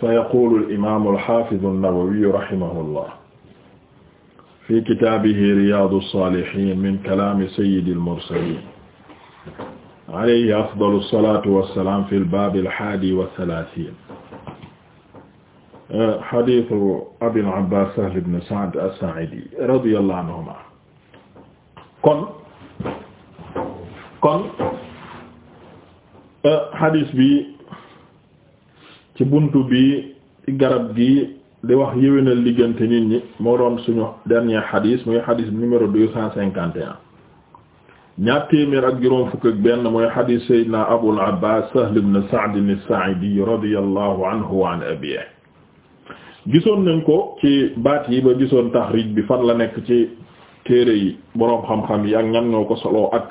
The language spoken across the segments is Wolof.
sayaqulu al-imaamu al-haafizu an-nawawiyu rahimahullah fi kitaabihi riyaadu saalihiin min kalaami sayyidil mursaliin alayhi afdalu salaatu wa salaam fil baabil haadi wa salaasiin hadiisu abil abbaas sahl ibn sa'd as-saa'idi radiyallaahu anhumaa kon kon hadiis bi. ci buntu bi garab gi di wax yéwénal diggante nit ñi moo doon suñu dernier xadis muy xadis numéro deux cent cinquante et un ñaar téeméer ak juróom fukk ak benn mooy xadis sayyidina Abul Abbas Sahl ibn Sa'd as-Sa'idi radiyallahu anhu wa an abiihi gisoon nañ ko ci baat yi ba gisoon taxrij bi fan la nekk ci téere yi boroom xam-xam yi ak ñan ñoo ko soloo ak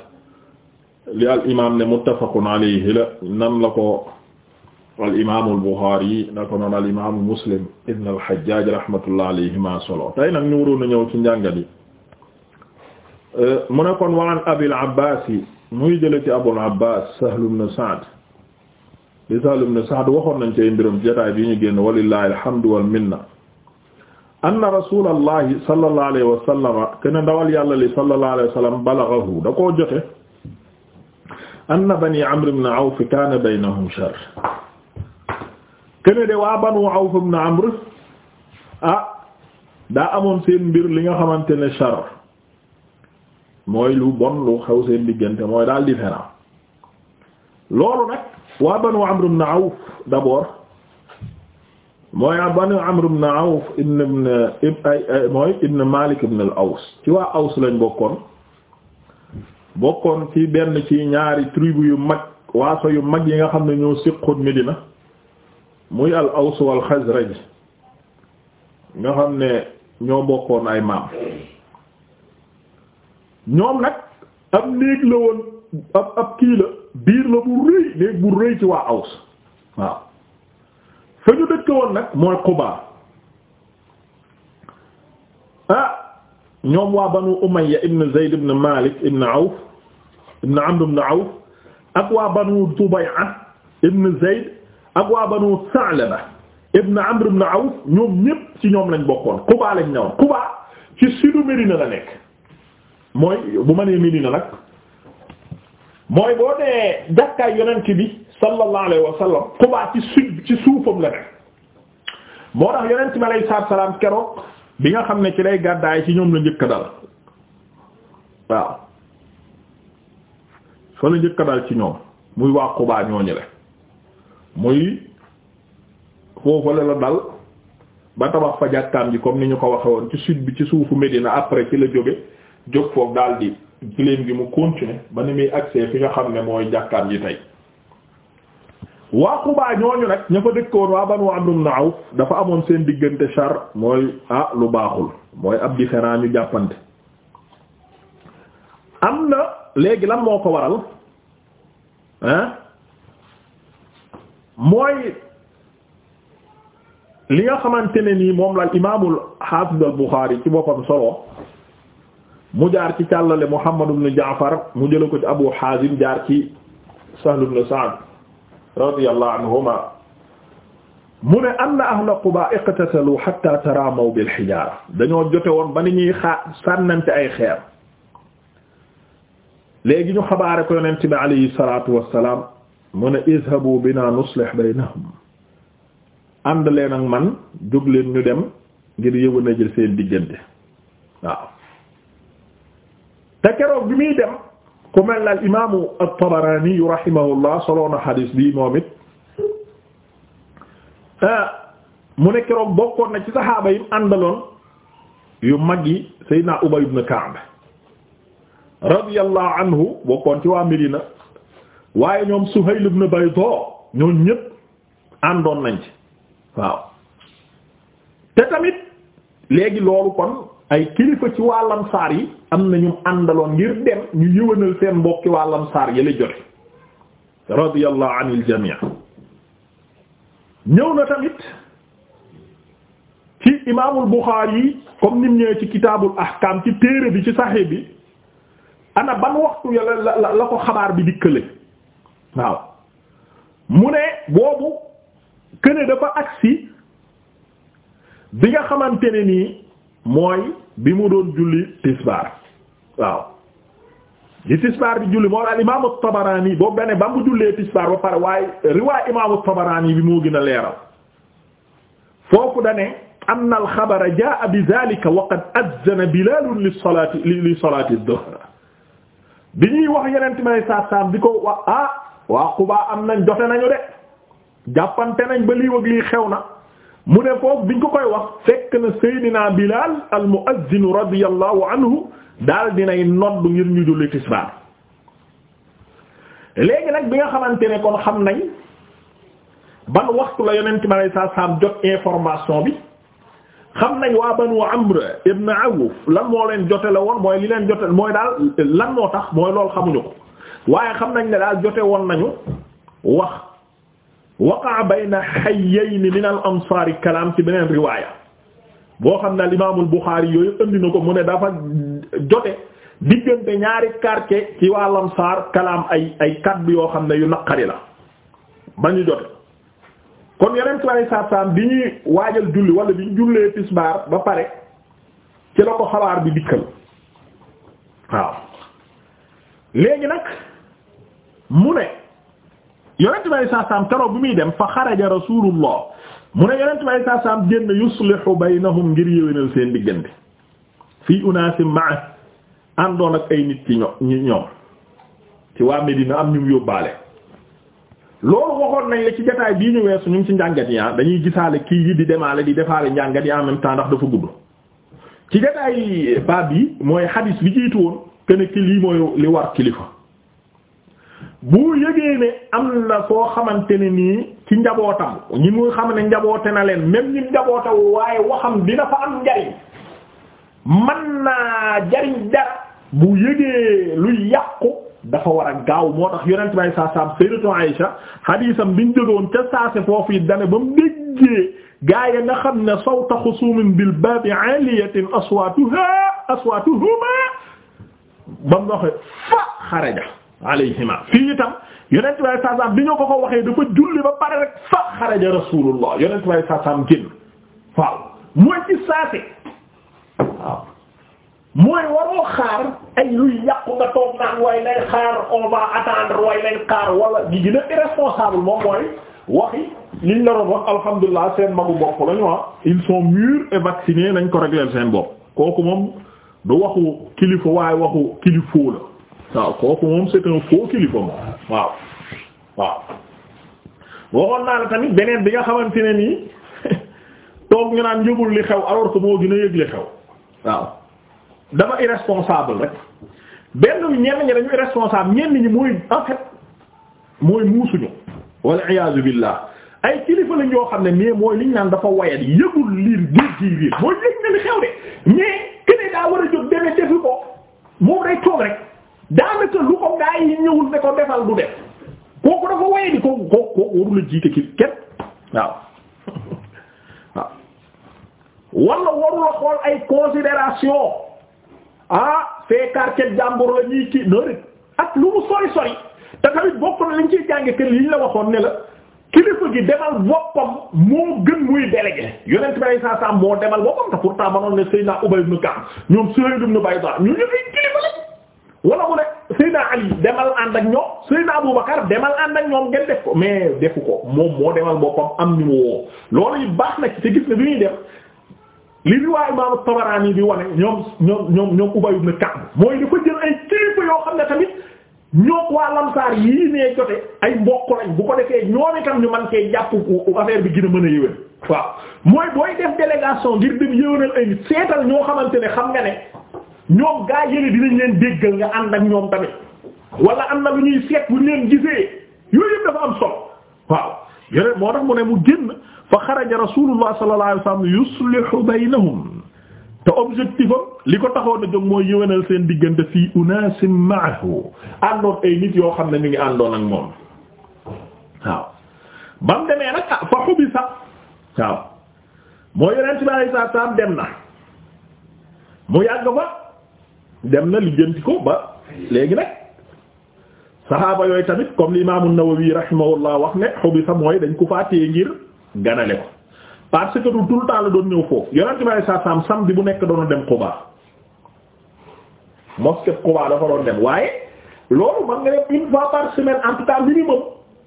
li al imaam ne muttafaqun alayhi la nan la ko wal imaamu al-Bukhari na ko noon al imaamu Muslim ibn al-Hajjaj rahmatullah alayhima solo tey nag ñu waroon a ñëw ci njàngat yi mu ne kon wa an Abil Abbas yi muy jële ci Abul Abbas Sahl ibn Sa'd di Sahl ibn Sa'd waxoon nañ cay mbirum jotaay bi ñu génn walillahi alhamdu wal minna anna rasulallahi sallallahu alayhi wa sallam kana ndawal yàlla li sallallahu alayhi wa sallam balaghahu da koo jote anna bani Amr ibn Awf kana baynahum shar kene de waa Banu Awf ibn Amr ah daa amoon seen mbir li nga xamante ne char mooy lu bon lu xew seen diggante mooy daal différent loolu nag waa Banu Amr ibn Awf d'abord mooy Banu Amr ibn Awf ibn mooy ibn Malik ibn al-Aws ci waa Aws lañ bokkoon bokkoon ci benn ci ñaari tribu yu mag waaso yu mag yi nga xam ne ñoo siqoon Medina muy al aws wal xasraj nga xam ne ñoo bokkoon ay maam ñoom nag ab néeg la woon ab ab kii la biir la bu rëy néeg bu rëy ci waa aws waaw fa ñu dëkk woon nag mooy Quba ah ñoom waa banu Umayya ibn Zayd ibn Malik ibn Awf ibn Amr ibn Awf ak waa banu Tubay'a ibn Zayd ak waa banu Sa'laba ibn Amr ibn Awf ñoom ñépp ci ñoom lañ bokkoon Quba lañ newoon Quba ci sudu Médina la nekk mooy bu ma nee Médina nag mooy boo nee jàkkaay yonent bi sallallahu alayhi wa sallam Quba ci sud ci suufam la nekk moo tax yonent bi alayhi salaatu salaam keroog bi nga xam ne ci lay gàddaay ci ñoom la njëkk dal waaw soo la njëkk dal ci ñoom muy waa Quba ñooñu la muy foofale la dal ba tabax fa jàkkaam ji comme ni ñu ko waxe woon ci sud bi ci suufu Médina après ci la jóge jóg foofu daal di gi mu continuer ba ni muy accès fi nga xam ne mooy jàkkaam ji tey waa Quba ñooñu nag ña fa dëkkoon waa Banu Amr ibn Awf dafa amoon seen diggante char mooy ah lu baaxul mooy ab différent ñu jàppante am na léegi lan moo ko waral mooy li nga xamante ne nii moom la imaamul haafid al Buxaari ci boppam solo mu jaar ci càllale Muhammad ibn Jaafar mu jëla ko ci Abu Haazim jaar ci Sahl ibn Sa'd radiyallahu anhuma mu ne anna ahla Quba iqtatalu hatta taraamaw bil hijaara dañoo jote woon ba ni ñuy xaa sànnante ay xeer léegi ñu xabaare ko yonent bi alayhi salaatu wassalaam mu ne izhabu bina nuslih baynahum ànd leen ak man jóg leen ñu dem ngir yëwu na jël seen diggante waaw te keroog bi muy dem ku mel na al imaamu at-Tabarani rahimahullah soloon a xadiis bi moom it ah, mu ne keroog bokkoon na ci saxaaba yim àndaloon yu mag yi Seydina Ubay ibn Ka'b radiyallahu anhu bokkoon ci waa Medina waaye ñoom Suhayl ibn Bayda ñoom ñépp àndoon nañ ci waaw te tamit léegi loolu kon ay kilifa ci waa Ansaar yi am na ñu àndaloon ngir dem ñu yëwanal seen mbokki waa Ansaar yi la jote radiyallahu anil jamii ñëw na tamit ci imaamul Buxaari comme nit ñëwee ci kitaabul ahkaam ci téere bi ci Sahih bi ana ban waxtu yàlla la la ko xabaar bi dikkale waaw mu ne boobu këne dafa agsi bi nga xamante ne nii mooy bi mu doon julli tisbaar waaw di tisbaar bi julli moo daal imaamu Tabarani boobu dane ba mu jullee tisbaar ba pare waaye riwaay imaamu Tabarani bi moo gën a leeral foofu dane anna al xabar jaa'a bi zaalika wa qad li li salaati ad-duhr bi ñuy wax yeneen may saab saab di ko wax ah waa Quba am nañ jote nañu de jàppante nañ ba lii wëg lii xew na mu ne foofu biñ ko koy wax fekk na Seydina Bilal al muazzin radiyallahu anhu daal dinay nodd ngir ñu julli tisbaar léegi nag bi nga xamante ne kon xam nañ ban waxtu la yonent ma alayhi salaam jot information bi xam nañ waa banu Amr ibn Awf lan moo leen jote la woon mooy li leen jote mooy daal lan moo tax mooy loolu xamuñu ko waaye xam nañ ne daal jote woon nañu wax waqa bayna hayyayni min al ansaari kalaam ci beneen riwaaya boo xam ne Imaamul Buxaari yooyu andi na ko mu ne dafa jote diggante ñaari quartier ci waa Ansaar kalaam ay ay kaddu yoo xam ne yu naqari la ba ñu jote kon yeneen tubaab yi saa bi ñuy waajal julli wala bi ñu jullee tisbaar ba pare ci la ko xabaar bi dikkal waaw léegi nag. mu ne yonent bi alayhi salaam bi muy dem fa xaraja rasulullah mu ne yonent bi alayhi salaam génn yuslihu baynahum ngir yéwénal seen diggante fii unaasim ma'a àndoon ak ay nit ci ño ñi ñoom ci waa Medina am ñu mu yóbbaale. loolu waxoon nañ la ci jotaay bii ñu weesu ñu ngi ci njàngat yi ah dañuy gisaale kii yi di demaale di defaale njàngat yi en même ndax dafa gudd ci jotaay baab yi mooy hadis bi jiitu woon que ne ki lii mooy li war kilifa. bu yëgee ne am na koo xamante ne nii ci njabootam ñi muy xam ne njaboote na leen même ñi njabootaw waaye waxam dina fa am njariñ man naa jariñ dara bu yëgee luy yàqu dafa war a gaaw moo tax yonent bay saa saam sayyidatu Aïsha xadiisam biñ jógoon ca saase foofu it ba mu déggee gaa ya nga xam ne sawta xusumin bil baabi aliyatin aswaatuha aswaatuhuma ba mu doxe fa xaraja alayhima fii itam yonent way sasam bi ñu ko ko waxee dafa julli ba pare rek fa xaraja rasulullah yonent way génn waaw mooy ci saase waaw mooy waroo xaar ay luy yàqu nga toog naan waaye nañ xaar on va attendre waaye nañ xaar wala gi gën a irresponsable moom mooy waxi liñ la doon alhamdulilah seen magu bopp lañu wa ah. ils sont mûrs et vaccinés nañ ko régler seen bopp kooku moom du waxu kilifa waaye waxu kilifoo la waaw kooku moom c'est un faux kilifa waaw waaw waxoon naa ne tamit beneen bi nga xamante ne nii toog ñu naan yëgul li xew alors ko moo gën a yëg li xew waaw dafa irresponsable rek benn ñenn ñi dañu irresponsable ñenn ñi mooy en fait mooy muusuñu wal iyaazu billah ay kilifa lañ yoo xam ne mais mooy liñ naan dafa wayat yëgul liir géej gi riir mooy yëg na li xew de mais keneen daa war a jóg demee defi ko moom day toog rek daanaka lu ko gaa yi ñëwul ne ko defal du def kooku dafa waye di kooku kooku kooku warula jiite ki kenn waaw waaw wala xool ay considération ah fee quartier jàmbur la ñuy kii noo ak lu mu sori sori te tamit bokk na lañ ciy jànge kër liñ la waxoon ne la kilifa gi defal boppam moo gën muy délégué yonent bi ay saa saa moo demal boppam te pourtant manoon ne Seydina Ubay ibn Ka'b ñoom Suhayl ibn Bayda ñu ñu fi kilifa la wala mu ne Seydina Ali demal ànd ak ñoom Seydina Aboubacar demal ànd ak ñoom ngeen def ko mais defu ko moom moo demal boppam am ni mu woo loolu it baax na ci te gis ne bi ñuy def li riwaay Imam Tabarani di wane ñoom ñoom ñoom ñoom Ubay ibn Ka'b mooy dafa jël ay kilifa yoo xam ne tamit ñoo waa lamsaar yii nee jote ay mbokk lañ bu ko defee ñoom itam ñu mën cee jàpp affaire bi gën a mën a yéwén waaw mooy booy def délégation ngir dem yéwénal ay nit seetal ñoo xamante ne xam nga ñoom gaa yële dinañ leen déggal nga ànd ak ñoom tamit wala am na lu ñuy seet bu ñu leen gisee yooyu yëpp dafa am solo waaw yeneen moo tax mu ne mu génn fa xaraja rasulullah sallallahu alayhi wasallam yuslihu baynahum te objectif am li ko taxoon a jóg mooy yëwénal seen diggante fii unasim ma'ahu àndoon ay nit yoo xam ne ñu ngi àndoon ak moom waaw ba mu demee nag ah fa xubi sax waaw moo yeneen si bi alei saatu dem na mu yàgg fa dem na lijjanti ko ba léegi nag saxaaba yooyu tamit comme l'imam an-Nawawi rahimahullah wax ne xobisa mooy dañ ko faatee ngir ganale ko parce que du tout le la doon ñëw foofu yonent bi saa saam samedi bu nekk doon dem Quba mosquée Quba dafa doon dem waaye loolu man nga def une fois par semaine en tout cas minimum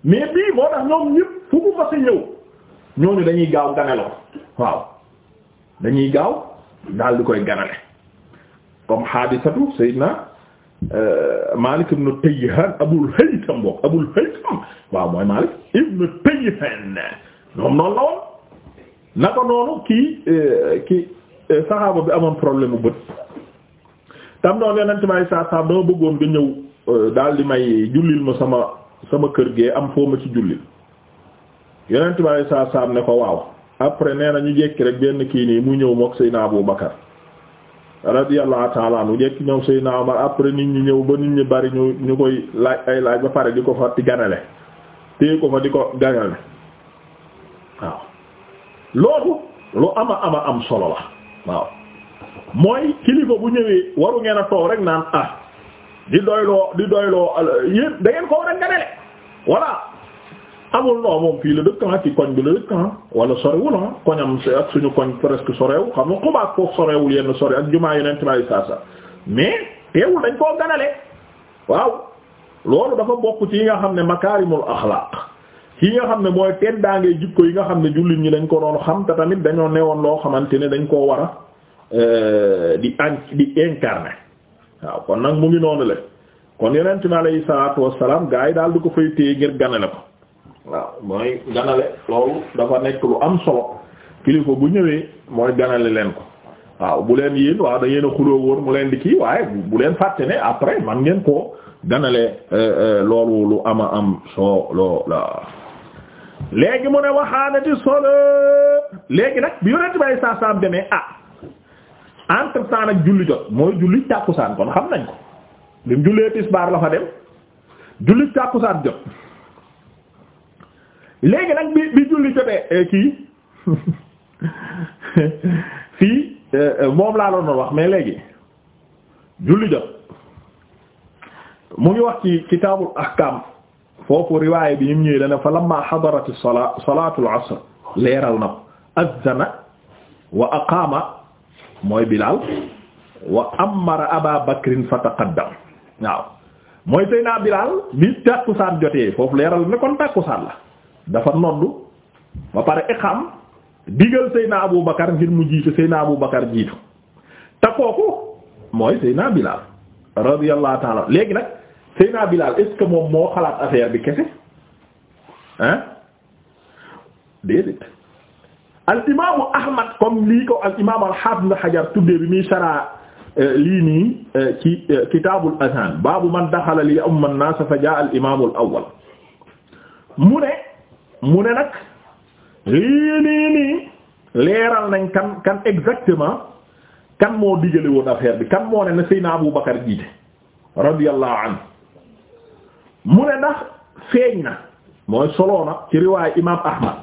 mais bii moo tax ñoom ñëpp fu mu fas ñëw ñooñu dañuy gaaw ganale ko waaw dañuy gaaw daal di koy ganale. comme hadisatu sayyidina euh, Malik ibn Tayhan Abul Haytham bokk Abul Haytham waaw mooy Malik ibn Tayhan moom noonu la woon naka noonu kii euh, kii euh, saxaaba bi amoon problème bu bët tam noonu yonent may saa saa dama bëggoon nga ñëw daal di may jullil ma sama sama kër gee am foo ma ci jullil yonent may saa saa ne ko waaw après nee na ñu jekki rek benn kii nii mu ñëw mook Seydina Abu Bakar radiyallahu ta'ala anhu jekk ñoom Seydina après nit ñi ñëw ba nit ñi bari ñu ñu koy laaj ay laaj ba pare di ko fa di ganale téye ko fa di ko ganale waaw loolu lu ama ama am solo la waaw mooy kilifa bu ñëwee waru ngeen a toog rek naan ah di doyloo di doyloo yéen da ko war a ganale voilà amul noo moom fii la dëkk ah ci koñ bi la dëkk ah wala sorewul ah, koñam ak suñu koñ presque sorewul xam nga xubaat foofu sorewul yenn sore ak jumaa yeneen tubaab yi saa saa mais teewul dañ koo ganale waaw loolu dafa bokk ci yi nga xam ne makaarimul axlaaq yi nga xam ne mooy teddaangee jikko yi nga xam ne jullit ñi dañ ko doon xam te tamit dañoo newoon loo xamante ne dañ koo war a euh, di di incarner waaw kon nag mu ngi noonu le kon yeneen tubaab yi salaatu gaa yi daal di ko fay téye ngir ganale ko. waaw mooy ganale loolu dafa nekk lu am solo kilifa bu ñëwee mooy ganale leen ko waaw bu leen yéen waaw da ngeen a xuloo woon mu leen di kii waaye bu leen fàtte ne après man ngeen koo ganale euh, euh, loolu lu ama am solo la léegi mu ne waxaanati solo léegi nag bi yonent bay saa saam demee ah entre temps nag julli jot mooy julli tàkkusaan kon xam nañ ko bi mu jullee tisbaar la fa dem julli tàkkusaan jot léegi nag bi bi julli jotee eh, kii fii eh, moom laa doon wax mais léegi julli jot mu ngi wax ci kitaabul ahkaam foofu riwaaya bi ñu ñëwee dana fa lamma xadarati salaa salaatul asr leeral na azzana wa aqaama mooy Bilaal wa amara Abaa Bakrin fa taqaddam waaw mooy tey naa Bilaal bi tàkkusaan jotee foofu leeral na kon tàkkusaan la dafa noddu ba pare iqam digal Seyna Abu Bakar ngir mu jiitu Seyna Abu Bakar jiitu te mooy Seyna Bilal radiyallahu ta'ala léegi nag Seyna Bilal est moom moo xalaat affaire bi kese ah déedéet al imaamu Ahmad comme lii ko al imaam al hafiz Hajar tuddee bi muy saraa euh, lii nii euh, ci euh, kitaabul azaan baabu man daxala li umma an-naas fa jaa al imaamul awwal mu ne mu ne nag lii leeral nañ kan kan exactement kan moo digale woon affaire bi kan moo ne na Seydina Abu Bakar jiite radiyallahu anhu mu ne ndax feeñ na mooy solo na ci riwaay imaam Ahmad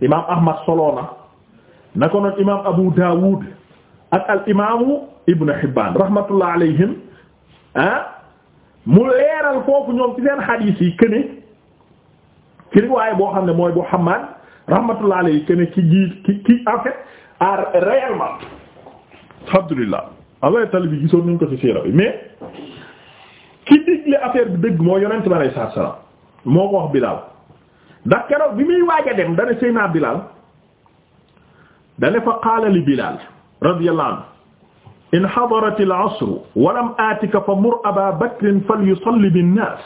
imaam Ahmad solo na na ko noon imaam Abu Dawud ak al imaamu Ibn Hibban rahmatullah alayhim ah, mu leeral foofu ñoom ci seen xadiis yi këne ci riwaaya boo xam ne mooy bu rahmatullah alayhi kenn ki ji ki ki en fait à réellement alhamdulillah allah tali bi gisoon nañ ko ci siira bi mais ki digle affaire bi dëgg moo yonent bi alayhi salaam moo ko wax Bilaal ndax keroog bi muy waaj dem dana Seydina Bilaal dana fa qaala li Bilaal radiyallahu anhu in hadarat al-asr wa lam atika fa mur Abaa Bakrin falyusalli bin-naas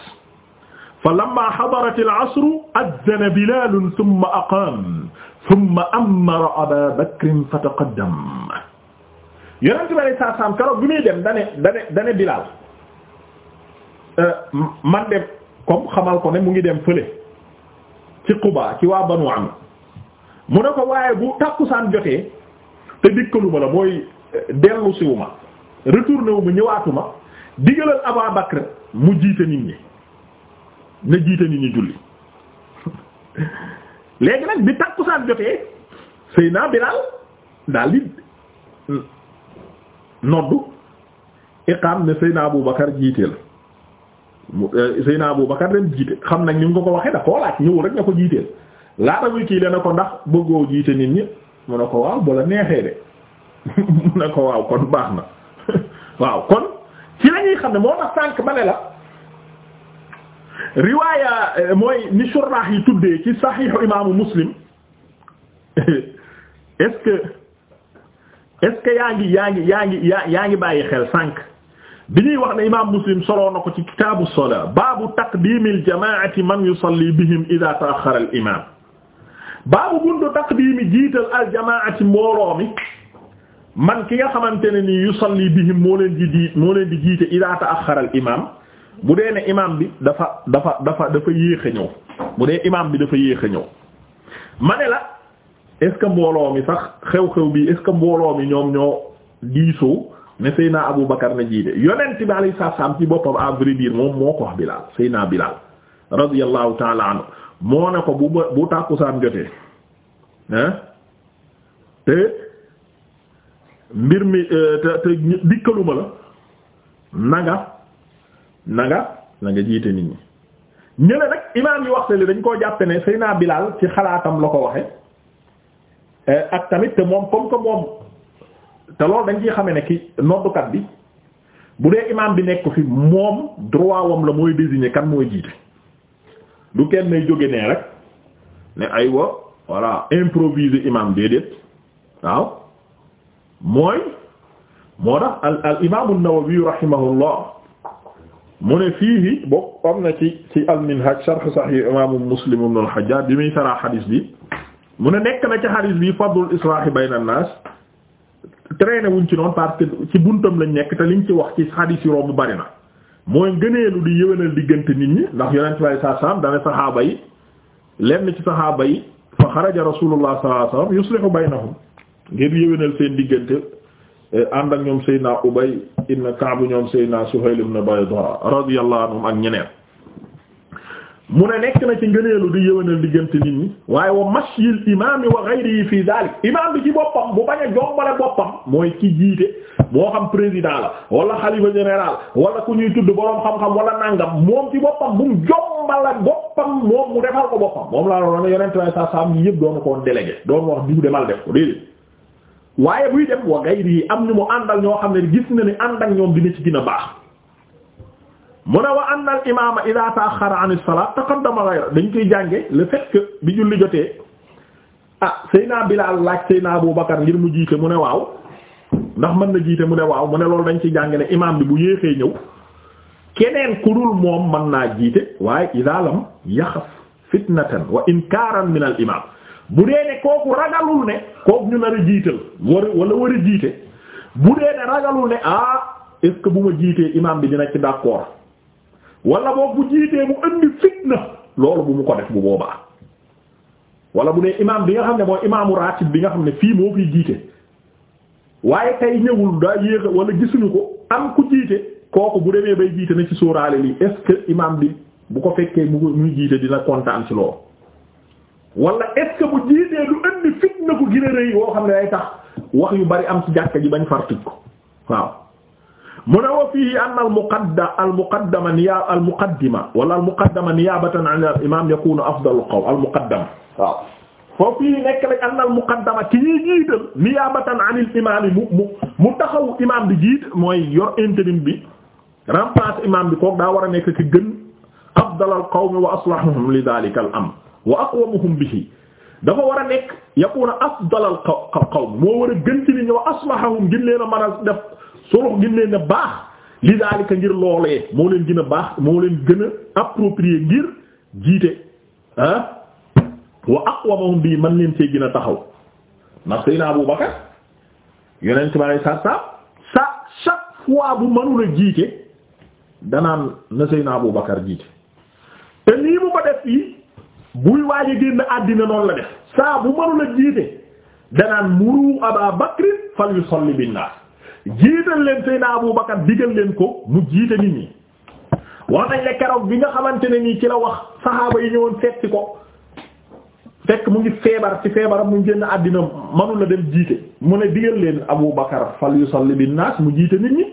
fa lamma hadarat al-asr addana Bilaal thumma aqaama thumma ammara Abaa Bakrin fa taqaddama Yonent bi alayhi salaatu wa salaam keroog bi muy dem dane dane dane Bilaal euh, man dem comme xamal ko ne mu ngi dem fële ci Quba ci waa Banu Amr mu ne ko waaye bu tàkkusaan jotee te dikkaluma la mooy euh, dellusiwuma retourné wu ma ñëwaatuma digalal Abaa Bakr mu jiite nit ñi na jiite nit ñu julli léegi nag bi tàkkusaan jotee Seydina Bilaal daal di noddu iqaam ne Seydina Abu Bakar jiiteel eh, Seydina Abu Bakar jiite xam nag ni nga ko waxee da koo laaj ñëw rek nga ko jiiteel laata muy kii dana ko ndax bëggoo jiite nit ñi mu ne ko waaw bu la neexee de mu ne ko waaw kon baax na waaw kon ci lañuy xam ne moo tax sànk ma ne la riwaaya eh, mooy ni surah yi tuddee ci saxiixu imaamu muslim est-ce que est-ce que yaa ngi yaa ngi yaa ngi yaa ngi bàyyi xel sànq bi ñuy wax ne imaam muslim so na ko ci kitaabu salaa baabu taqdiimil jamaa'ati man yusalli bihim idaa ta'axxara al imaam baabu buntu taqdiimi jiital al jamaa'ati mbooloo mi man ki nga xamante ne ni yusalli bihim moo leen di di moo leen di jiite idaa ta'axxara al imaam. bu dee ne imaam bi dafa dafa dafa dafa yéex a ñëw bu dee imaam bi dafa yéex a ñëw ma la est mbooloo mi sax xew-xew bi est mbooloo mi ñoom ñoo diisoo ne Seyna Abu Bakar na jiite yonent bi alayhi salaam ci boppam à vrai moom moo ko wax Bilal Seyna Bilal radiyallahu ta'ala anhu moo ne ko bu ba bu tàkkusaan jotee ah te mbir mi te te dikkaluma la nanga na nga na nga jiite nit ñi ñële nag imaam yi waxtali dañ koo jàppe ne Seydina Bilaal ci xalaatam la ko waxe eh, ak tamit te moom comme que moom te loolu dañ ciy xamee ne ki noddukat bi bu dee imaam bi nekk fi moom droit la mooy désigner kan mooy jiite du kenn nay jóge nee rek ne aywa voilà waaw mooy moo tax al al imaam nawawi rahimahullah mu ne fiihi bokk am na ci ci al-Minhaj sharh Sahih imaamu Muslim ibn al-Hajjaj bi muy saraa xadis bi mu ne nekk na ci xadis bi fadlul islaahi bayna an-naas traîné wuñ ci noonu parce ci buntam lañ nekk te liñ ci wax ci xadis yi romb bari na mooy ngëneelu di yëwénal diggante nit ñi ndax yonent bi saa alayhi wasallam dana saxaaba yi lenn ci saxaaba yi fa xaraja rasulullah sallallahu alayhi wasallam yuslihu baynahum ngir yëwénal seen diggante ànd ak ñoom Seydina Ubay ibn Ka'b ñoom Seydina Suhayl ibn Bayda radiyallahu anhum ak ñeneen mu ne nekk na ci ngëneelu di yëwénal diggante nit ñi waaye wa mashyil imaami wa ghayrihi fii daalik imaam bi ci boppam bu bañ a jombale boppam mooy ki jiite moo xam président la wala xalifa général wala ku ñuy tudd boroom xam-xam wala nangam moom ci boppam bu mu jombale boppam moom mu defal ko boppam moom laa noonu yonent way sa sam yi yëpp doonu koon def ko waaye buy dem wa gayri am ñu mu àndal ñoo xam ne gis na ni ànd ak ñoom dina ci gën a baax mu ne wa anna al imaama idha ta'akhkhara 'an as-salaat taqaddama ghayra dañ koy jànge le fait que bi julli jotee ah Seyna Bilaal laaj Seyna bu Bakar ngir mu jiite mu ne waaw ndax mën na jiite mu ne waaw mu ne loolu dañ ci jànge ne imaam bi bu yéexee ñëw keneen ku dul moom mën naa jiite waaye idha lam yaxaf fitnatan wa inkaaran min al imaam bu dee ne kooku ragalul ne kooku ñu nar a jiital war wala war jiite bu dee ne ragalul ne ah est-ce que bu ma jiitee imam bi dina ci d'accord wala boog bu jiitee mu indi fitna loolu bu mu ko def bu boobaa wala bu dee imam bi nga xam ne moo imaamu ratib bi nga xam ne fii moo fiy jiite waaye tey ñëwul daa yéex wala gisuñu ko am ku jiite kooku bu demee bay jiite na ci sóoraale lii est-ce bi bu ko fekkee mu muy jiite dina kontaan ci loolu wala est-ce que bu jiitee du indi fitna ko gën a rëy woo xam ne day tax wax yu bari am ci jàkka ji bañ far tëj ko waaw mu ne wa fiihi anna al muqadda al muqaddama niya al muqaddima wala al muqaddama niyaabatan an al imaam yakunu afdalul qawl al muqaddama waaw foofu yi nekk nag anna al muqaddama ki ñuy jiital niyaabatan an al imaam mu mu mu taxaw imaam bi jiit mooy yor intérim bi remplace imaam bi kooku daa war a nekk ki gën afdalul qawmi wa aslahum li daalika al amr waa wa aqwamuhum bihi dafa war a nekk yakuna afdal al qawm moo war a gën ci nit ñi wa aslahahum gën leen a mën a def surux gën leen a baax li daalika ngir loolee moo leen gën a baax moo leen gën a approprié ngir jiite ah wa aqwamahum bii man leen see gin a taxaw ndax Seydina Abu Bakar yeneen ci ma sa sa sa chaque bu mënul a jiite danaan na Seydina Abu Bakar jiite te nii mu ko def fii buy waaj a génn àddina noonu la def saa bu mënula jiite danaan muru Aba Bakrin fal yusalli bin naas jiital leen Seydina Abu Bakar digal leen ko mu jiite nit ñi wax nañ la keroog bi nga xamante ne nii ci la wax saxaaba yi ñëwoon setti ko fekk mu ngi feebar ci feebaram mu ngi génn àddina mënu la dem jiite mu ne digal leen Abu Bakar fal yusalli bin naas mu jiite nit ñi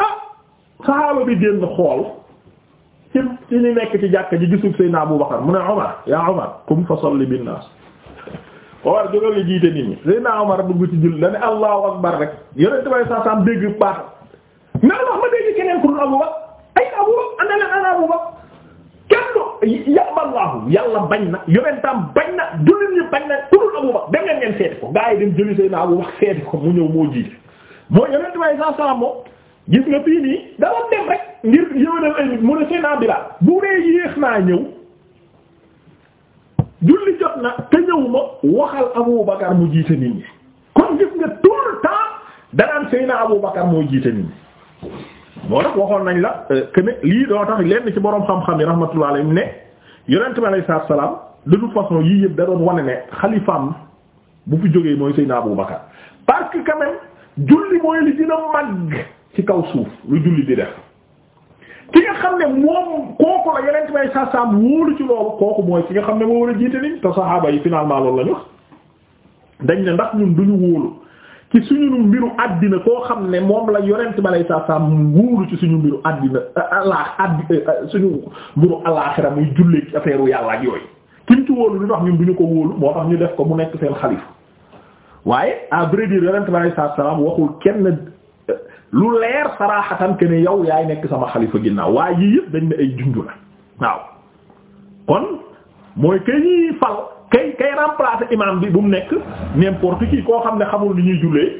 ah saxaaba bi génn xool ci ci ñu nekk ci ji gisub Seydina Abu mu ne Omar yaa Omar kum fa salli bin naas Omar jógal li jiite nit ñi Seydina Omar dugg ci jul da ne Allahu akbar rek yonent bay saa saam dégg baax na ma dégg keneen ku dul Abu Bakar ay Abu bañ na yonentam bañ na jullit ñi bañ na ku dul Abu Bakar dem ko gaa dem jëli Seydina ko mu ñëw moo jiite mooy yonent bay saa saam moom gis nga fii nii dama dem rek ngir yéwénal ay mu ne seen Bilaal bu dee yéex naa ñëw julli jot na te ñëw ma waxal Abu Bakar mu jiite nit kon gis nga tout temps danaan Seyna Abu Bakar moo jiite nit moo tax waxoon nañ la euh, que ne lii doo tax lenn ci boroom xam-xam yi rahmatullah alayhi ne yonent bi alayhi salaatu de toute façon yii yëpp da doon wane ne xalifaam bu fi jógee mooy Seyna Abu Bakar parce que julli mooy li dina mag ci kaw suuf lu julli di def ki nga xam ne moom kooku la yeneen may sa sam wóolu ci loolu kooku mooy ki nga xam ne moo war a jiite ni te saxaaba yi finalement loolu la dañ ne ndax ñun duñu wóolu ci suñu mbiru àddina koo xam ne moom la yonent ba lay saa saa wóolu ci suñu mbiru àddina àddi suñu mbiru alaaxira muy jullee ci affaire yàlla ak yooyu ci wóolu lu tax ñun duñu ko wóolu moo tax ñu def ko mu nekk seen xalifa waaye à yonent ba lu leer saraaxatan ke ne yow yaay nekk sama xalifa ginnaaw waaye yii yëpp dañ ay junju la mooy kay ñuy bi bu mu nekk n'importe qui koo xam ne xamul ni ñuy jullee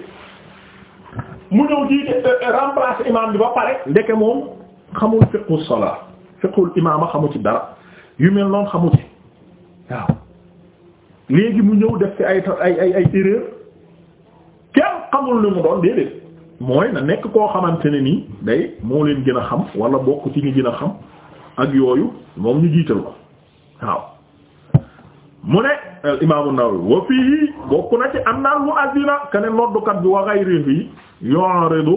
mu ñëw jiite euh, remplacer imam bi ba pare ndeke moom xamul fiqhu salaa fiqhul imaama xamu ci dara yu mel noonu xamu ci waaw léegi mu ñëw def ci ay ay ay ay kenn xamul lu mu doon déedéet mooy na nekk koo xamante ne nii day moo leen gën a xam wala bokk ci ñu gën a xam ak yooyu moom ñu jiital ko waaw mu ne al imaamu Nawawi wa fii bokk na ci am naan muazzina ka ne noddukat bi wa ghayrihi yu'ridu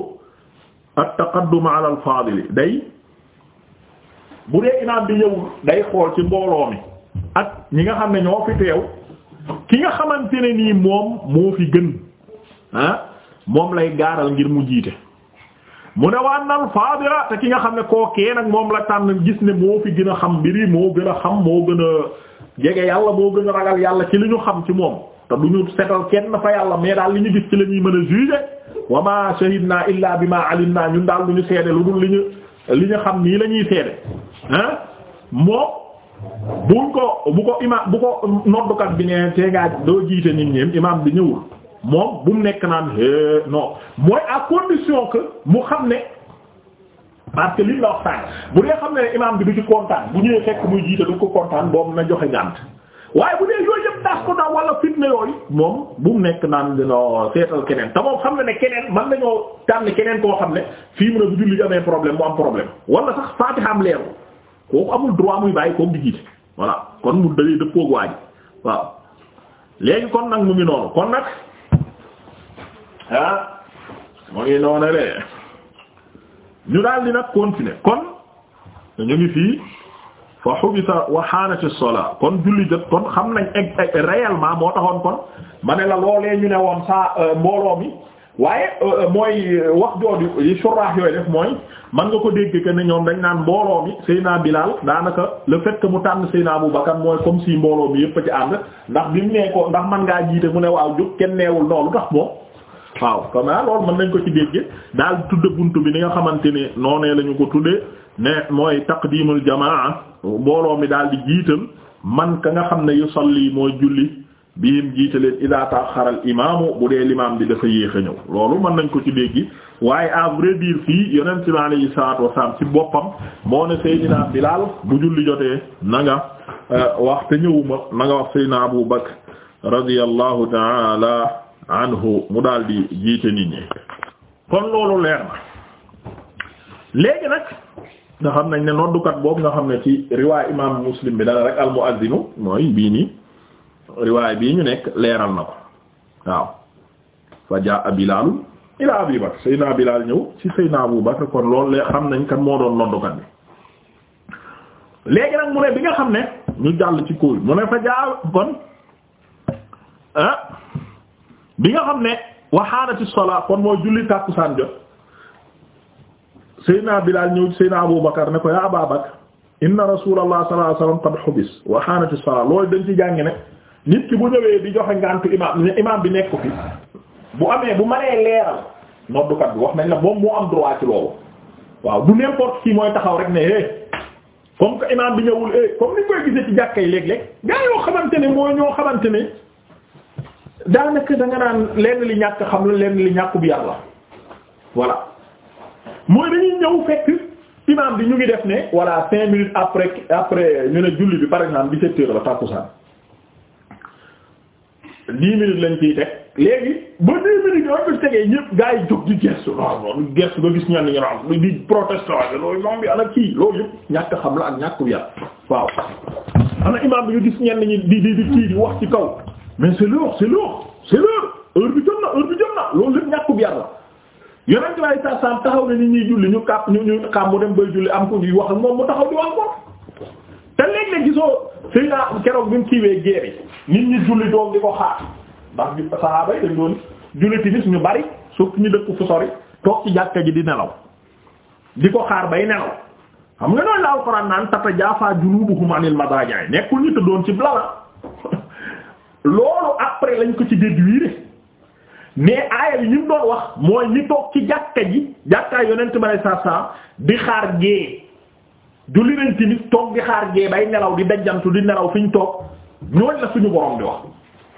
at-taqaddum ala al-fadili day bu dee imaam bi ñëw day xool ci mbooloo mi ak ñi nga xam ne ñoo fi teew ki nga xamante nii moom moo fi gën ah moom lay gaaral ngir mu jiite mu ne waan nal fadira te ki nga xam ne kookee nag moom la tànn gis ne moo fi gën a xam mbiri moo gën a xam moo gën a jege yàlla moo gën a ragal yàlla ci li ñu xam ci moom te du ñu setal kenn fa yàlla mais daal li ñu gis ci la mën a juger wa ma shahidna illa bima alimna ñun daal du ñu seede lu dul li ñu li ñu xam nii lañuy ñuy seede ah moo buñ ko bu ko imaam bu ko noddukat bi ne te ngaa doo jiite nit ñi imaam bi ñëwul moom bu mu nekk naan no mooy à condition que mu xam ne parce que li la wax tànk bu dee xam ne ne imaam bi du ci kontaan bu ñëwee fekk muy jiite du ko kontaan boobu na joxe ngànt waaye bu dee yooyu yëpp tax ko daw fitna yooyu moom bu mu nekk naan dina seetal keneen te moom xam na ne keneen man nañoo tànn keneen koo xam ne fii mu ne bu julli amee problème mu am problème wala sax faatihaam leeru kooku amul droit muy bàyyi kooku di kon mu dalee dëppoog waa kon nag mu ah mu ngi noonu ñu daal di nag continuer kon ñu ngi fii fa xubita wa xaanati sola kon julli jot kon xam nañ egg egg réellement moo taxoon kon ma ne la loolee ñu ne woon saa euh, mbooloo mi waaye euh, euh, mooy wax jooju yi surraax yooyu def mooy man nga ko dégg que ne ñoom dañ naan mbooloo mi Seyna Bilal daanaka le fait que mu tànn naa Abu Bakar mooy comme si mbooloo mi yëpp a ci ànd ndax bi mu nee ko ndax man ngaa jiite mu ne waaw jóg kenn neewul noonu tax moom. waaw comment ah loolu mën nañ ko ci dégge daal tudd bunt bi ni nga xamante ne noonee lañu ko tudde ne mooy taqdimul jamaa mbooloo mi daal di jiital man ka nga xam ne yusalli mooy julli biim jiitaleen ida taxaral imaamu bu dee limaam bi dafa yéex a ñëw loolu mën nañ ko ci déggi waaye à vrai dire fii yonent bi alayhi salaatu wasalaam ci boppam moo ne Seydina Bilaal bu julli jotee na nga euh, wax te ñëwuma na nga wax Seydina Abu Bakr radiyallahu ta'ala anhu mu daal di jiite nit ñi kon loolu leer na léegi nag nga xam nañ ne noddukat boobu nga xam ne ci riwaay imam muslim bi dana rek al muazzinu mooy bii nii riwaay bii ñu nekk leeral na ko waaw fa jaa bilaalu ila abi bakr sayna bilaal ñëw ci sayna abu ba kon loolu xam nañ kan moo doon noddukat bi léegi nag mu ne bi nga xam ne ñu jàll ci kóol mu ne fa kon ah bi nga xam ne waxaanati sola kon mooy julli tàkkusaan jot Seydina Bilaal ñëw Seydina Abu Bakar ne ko yaa Aba Bakar inna rasulallah sallallahu alayhi wasallam qad hubis waxaanati loolu dañ ci jàng ne nit ki bu ñëwee di joxe ngàntu imaam bi nekk fi bu amee bu mënee leeral noddukat bi wax nañ la moom moo am droit ci loolu waaw du n'importe qui mooy taxaw rek ne eh comme que imaam bi ñëwul eh comme ni koy gisee ci jàkka yi léeg-léeg gaa yoo xamante ne mooy ñoo daanaka da nga naan lenn li ñàkk xam la lenn li ñàkk bu yàlla voilà mooy dañuy ñëw fekk imam bi ñu ngi def ne walla cinq minutes après après ñu ne julli bi par exemple dix-sept heures la tàkkusaan dix minutes léegi ba dix tegee ñëpp gaa yi jóg di gestu loolu gestu nga gis ñenn ñu naan di protesté loolu moom bi ana kii loolu yëpp ñàkk xam la ak ñàkk bu yàlla waaw ana imam bi ñu gis ñenn ñi di di di kii di wax ci kaw. mais si l'heure c'est l'heure c'est l'heure heure bi jot na heure bi jot na loolu lépp ñàkkub yar la yonent bi alayhi salaam taxaw na nit ñuy julli ñu kàpp ñu ñu xam mu dem bay julli am ko ñuy wax ak moom mu taxaw di wax ko te léeg-léeg am keroog bi mu kiiwee geeri nit ñi julli doom di ko xaar ndax bi saxaaba julli timis ñu bari surtout ñu dëkk fu sori toog ci jàkka ji di nelaw di ko xaar bay nelaw xam nga noonu la alxuraan naan tatajaafaa junuubuhum anil madaaji' nekkul ñu tëddoon ci blala loolu après lañ ko ci déduire mais aaya bi ñu doon wax mooy ñi toog ci jàkka ji jàkkaay yonent ba lay saa saa di xaar gée du nañ tamit toog di xaar gée bay nelaw di dajjantu di nelaw fi ñu toog ñooñ la suñu borom di wax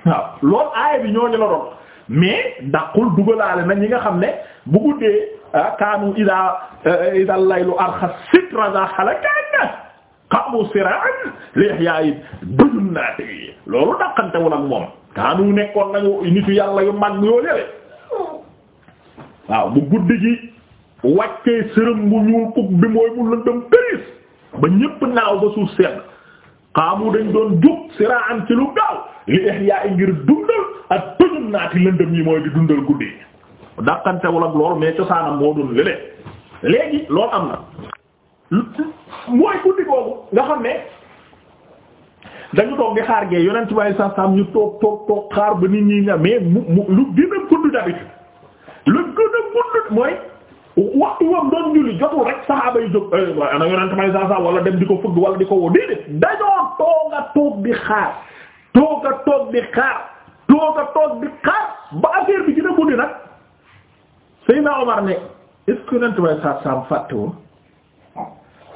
waaw loolu aaya bi ñooñu la doon mais daqul dugalaale na ñi nga xam ne bu guddee ah, kaanu ida eh, ida laylu arxas sitra za halakana qaamu siraan li ihyaa'i dunnaati loolu dàqantewul ak moom kaanu nekkoon nañu nitu yàlla yu mag yoo yële waaw bu guddi gi wàccee sërëm bu ñuul kub bi mooy mu lëndëm këris ba ñépp naaw ba suuf sedd qaamu dañ doon jug siraan ci lu gaaw li ihyaa'i ngir dundal ak dunnaati lëndëm yi mooy di dundal guddi gi dàqantewul ak loolu mais cosaanam moo doon lële léegi loolu am na mooy guddi googu nga xam ne dañu toog di xaar gee yonent bi saa saam ñu toog toog toog xaar ba nit ñi nga mais mu mu lu gën a gudd d'habitude lu gën a gudd mooy waxtu woon doon julli jotul rek saxaaba jóg eh, ana yonent bi saa saam wala dem di ko fëgg wala di ko woo déedéet dañoo toog a toog di xaar toog a toog di xaar toog a toog di xaar ba affaire bi gën a gudd nag Seydina Omar ne est-ce que yonent bi saa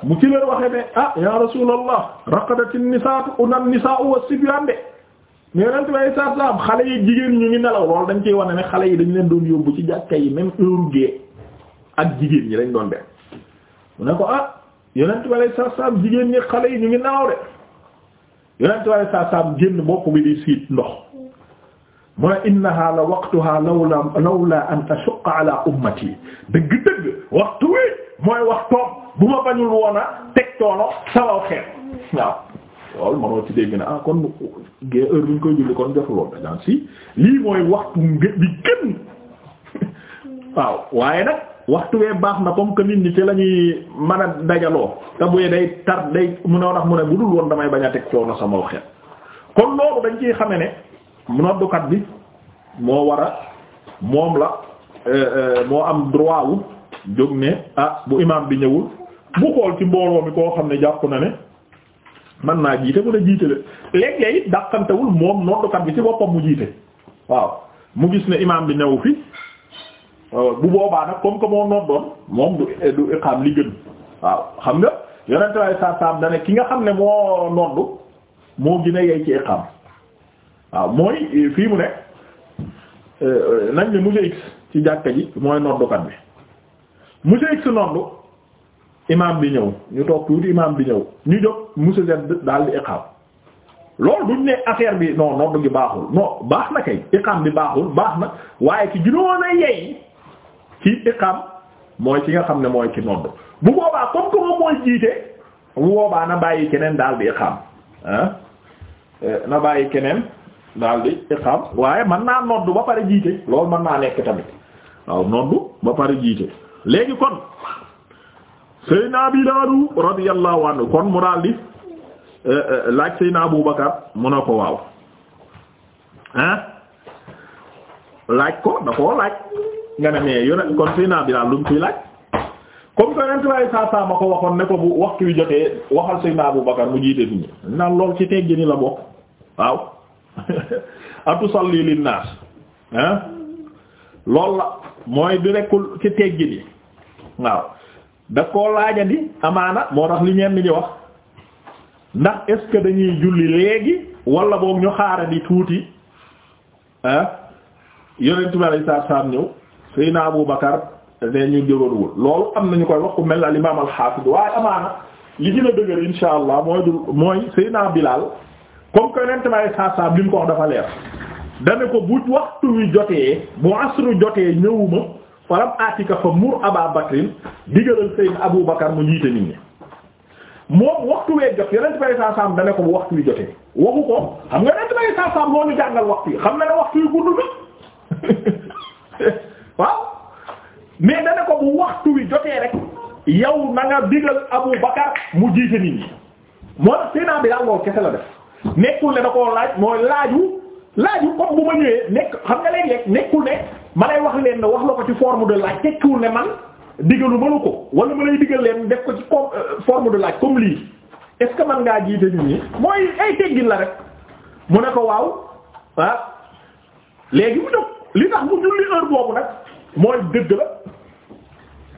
mu ci leen waxee ne ah ya rasulallah raqadati nisaatu unan nisaau wa sibyaan de mais yonent bi saab saab xale yi jigéen ñu ngi nelaw loolu dañ ciy wane ne xale yi dañ leen doon yóbbu ci jàkka yi même heure gée ak jigéen ñi dañ doon dem mu ne ko ah yonent bi saab saab jigéen ñi xale yi ñu ngi nelaw de yonent bi saab saab génn bopp bi di siit ndox mu ne innaha la waqtuha lawla lawla an ashuqqa ala ummati dëgg dëgg waxtu wi mooy waxtoom bu ma bañul woon a teg coono sawaw xeet waaw loolu manoo ci dégg na ah kon gée heure bi ñu koy julli kon jotul woon dañaan si lii mooy waxtu ngë bi gën waaw waaye nag waxtu wee baax na comme que nit ñi ci la ñuy mën a dajaloo te day tar day mu ne woon mu ne bu dul woon damay bañ a teg coono sama xeet kon loolu dañ ciy xame ne noddukat bi moo war a moom la euh, euh, moo am droit wu jóg ne ah bu imaam bi ñëwul mu xool ci mbooloo mi koo xam ne jàpp na ne man naa jiite mën a jiite lekk léeg-léeg dàqantewul moom noddukat bi ci boppam mu jiite waaw mu gis ne imaam bi newu fi bu boobaa nag comme que moo noddoon moom du du li gën waaw xam nga yonente waaye sa sam ki nga xam ne moo noddu moo gën a yey ci iqaam waaw mooy fii mu ne euh, nañ ne monsieur X ci jàkka ji mooy noddukat bi monsieur X noddu imaam bi ñëw ñu toog tuuti imaam bi ñëw ñu jóg monsieur Z daal di iqaam loolu duñ ne affaire bi non nodd gi baaxul non baax na kay iqaam bi baaxul baax na waaye ki juróom a yey ci iqaam mooy ci nga xam ne mooy ki nodd bu boobaa comme que moom mooy jiite bu boobaa na bàyyi keneen daal di iqaam eh, na bàyyi keneen daal di iqaam waaye mën naa nodd ba pare jiite loolu mën naa nekk tamit waaw nodd ba pare jiite léegi kon. Seydina Abi Daawuud radiyallahu anhu kon mu daal di eh, eh, laaj Seydina Abu Bakar mu ne ko waaw ah laaj ko da koo laaj nga ne mais yone kon Seydina Bilaal lu mu ciy laaj comme que yonent bi saa saa ma ko waxoon ne ko bu waxtu wi jotee waxal Seydina Abu Bakar mu jiite nit naan lool ci teggi ni la bokk waaw atusalli linnaas ah loolu la mooy du nekkul ci teggi ni waaw. da koo laajandi amaana moo tax li ñenn ñi wax ndax est dañuy julli léegi walla boog ñu xaarandi tuuti ah yonent bi alayhi salaatu salaam ñëw Seydina Abu Bakar ne ñu jógaruwul loolu am nañu koy wax ku mel ne al waaye amaana li gën a dëgër insha allah mooy du mooy Seydina Bilal comme que yonent bi alayhi salaatu salaam li mu ko dafa leer dane ko bu waxtu wi jotee bu asru jotee ñëwuma faram atika fa mur aba bakrin digalal Seydina Abu Bakar mu jiite nit ñi moom waxtu wee jot yonent bi saa saam da ne ko bu waxtu wi jotee waxu ko xam nga yonent bi saa saam moo jàngal waxtu yi xam na ne waxtu yu gudd bi waaw mais da ko bu waxtu wi jotee rek yow na nga digal Abu Bakar mu jiite nit ñi moo tax Seydina bi daal loolu kese la def nekkul ne da koo laaj mooy laaju. laaj yu comme bu ma ñëwee nekk xam nga léeg-léeg nekkul ne ma lay wax leen ne wax la ko ci forme de laaj tekkiwul ne man digalu mënu ko wala ma lay digal leen def ko ci euh, forme de laaj comme lii est-ce que man ngaa jiite nit nii mooy ay teggin la rek mu ne ko waaw ah léegi mu jóg li tax mu julli heure boobu nag mooy dëgg la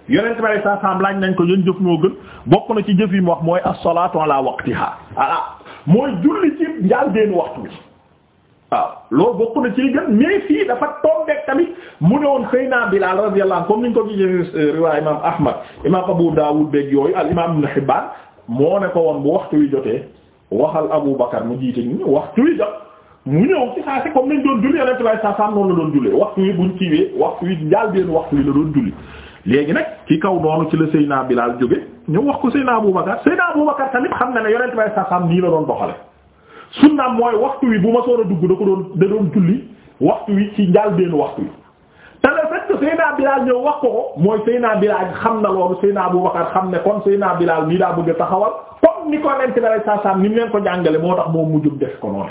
yonent bi saa saam laaj nañ ko yéen jëf moo gën bokk na ci jëf yi mu wax mooy as-salatu ala waqtiha ala mooy julli ci njaal benn waxtu bi. waaw loolu bokk na ci gën mais fii dafa tombé tamit mu ne woon xëy naa Bilaal radiyallahu anhu comme ni ñu ko gisee riwaay imaam Ahmad imaam Abu Dawud beeg yooyu al imaam Ibn Hibbaan moo ne ko woon bu waxtu wi jotee waxal Abu Bakar mu jiite ñu waxtu wi jot mu ñëw ci saa si comme nañ doon julli Yonent bi sallallahu alayhi wa la doon jullee waxtu wi buñ kiiwee waxtu wi jaal benn waxtu wi la doon julli. léegi nag ki kaw noonu ci la Seyna Bilaal jóge ñu wax ko Seyna Abu Bakar Seyna Abu Bakar tamit xam na ne Yonent bi sallallahu alayhi la doon doxale sunnaam mooy waxtu wi bu ma soon a dugg da ko doon da doon julli waxtu wi ci njaal benn waxtu wi te le fait Seyna Bilal ñëw wax ko ko mooy Seyna Bilal xam na loolu Seyna Abu Bakar xam ne kon Seyna Bilal nii daa bëgg a taxawal comme ni ko leen ci dalay saasaam ni mu leen ko jàngale moo tax moom mujjub def ko noonu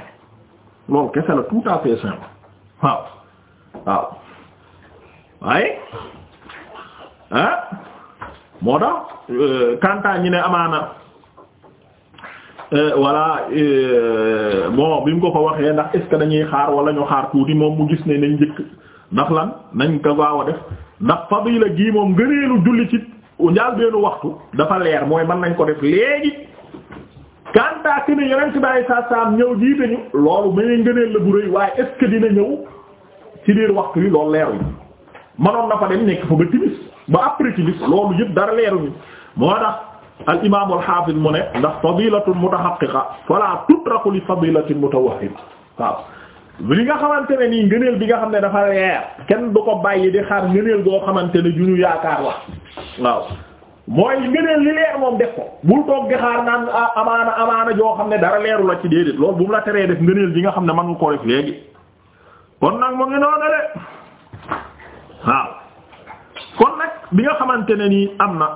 loolu kese la tout à fait waaw waaye ah moo tax kantaa euh, ñi ne amaana Euh, voilà euh, bon bi mu ko ko waxee ndax est-ce que dañuy xaar wala ñu xaar tuuti moom mu gis ne nañ njëkk ndax lan nañ ko gaaw a def ndax fadila gii moom gëneelu julli ci njaal beenu waxtu dafa leer mooy man nañ ko def léegi kanta ke yeneen si bàyyi sa saam ñëw jiite ñu loolu mënee ngëneel la bu rëy waaye est dina ñëw ci biir waxtu yi loolu leeruñu manoon na fa dem nekk fa ba timis ba après timis loolu yëpp dara leeruñu moo tax al imaam al haafid mu ne ndax fadilatun mutahaqqiqa fala tutraku li fadilatin mutawahhima waaw li nga xamante ne nii ngëneel bi nga xam ne dafa leer kenn du ko bàyyi di xaar ngëneel goo xamante ne ju ñu yaakaar la waaw mooy ngëneel li leer moom def ko bul toog xaar naan ah, amaana amaana joo xam ne dara leeru la ci déedéet loolu bu mu la teree def ngëneel bi nga xam ne man nga koo def léegi kon nag mu ngi noonu de waaw kon nag bi nga xamante ne nii am na